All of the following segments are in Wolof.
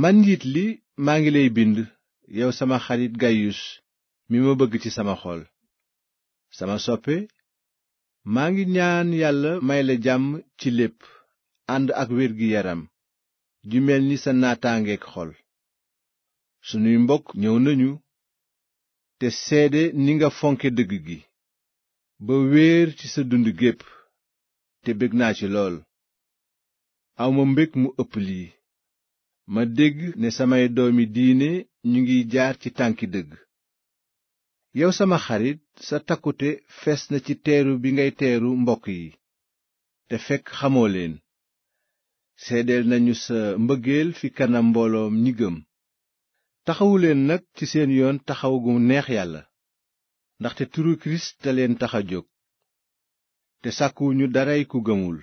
man njiit li maa ngi lay bind yow sama xarit gayus mi ma bëgg ci sama xol sama soppe maa ngi ñaan yàlla may la jàmm ci lépp ànd ak wérgi yaram ju mel ni sa naataangeeg xol sunuy mbokk ñëw nañu te seede ni nga fonke dëgg gi ba wéer ci sa dund gépp te bëgg naa ci lool awma mbég mu ëpp lii ma dégg ne samay doomi diine ñu ngi jaar ci tànki dëgg yow sama xarit sa takkute fees na ci teeru bi ngay teeru mbokk yi te fekk xamoo leen seedeel nañu sa mbëggeel fi kanam mbooloom ñi gëm taxawu leen nag ci seen yoon taxaw gu neex yàlla ndaxte turu kirist te leen tax a jóg te sàkkuwuñu daray ku gëmul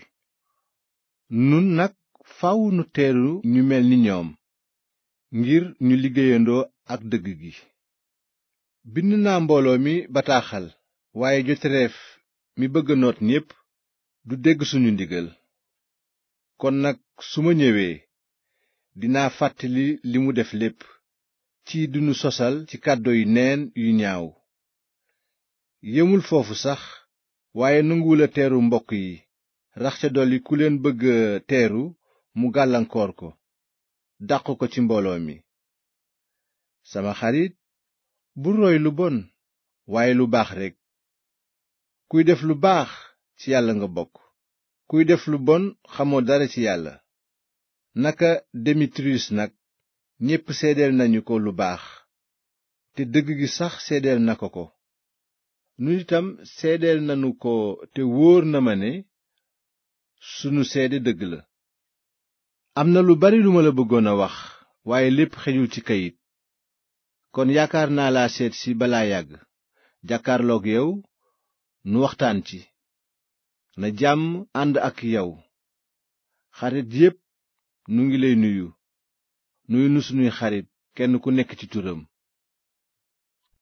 nun nag faw nu teeru ñu mel ni ñoom ngir ñu liggéeyandoo ak dëgg gi bind na mbooloo mi bataaxal waaye jotereef mi bëgg a noot ñépp du dégg sunu ndigal kon nag su ma ñëwee dinaa fàttali li mu def lépp ci dinu sosal ci kàddo neen yu ñaaw yemul foofu sax waaye nanguwula teeru mbokk yi rax ca dolli ku leen bëgg teeru mu gàllankoor ko dàq ko ci mbooloo mi sama xarit bu roy lu bon waaye lu baax rekk kuy def lu baax ci yàlla nga bokk kuy def lu bon xamoo dara ci yàlla naka demetrius nag ñépp seedeel nañu ko lu baax te dëgg gi sax seedeel na ko ko nu itam seddeel nanu ko te wóor na ma ne sunu seede dëgg la am na lu bari lu ma la bëggoon a wax waaye lépp xejul ci kayit kon yaakaar naa laa seet ci balaa yàgg jàkkaarloog yow nu waxtaan ci na jàmm ànd ak yow xarit yépp nu ngi lay nuyu nuyu nu sunuy xarit kenn ku nekk ci turam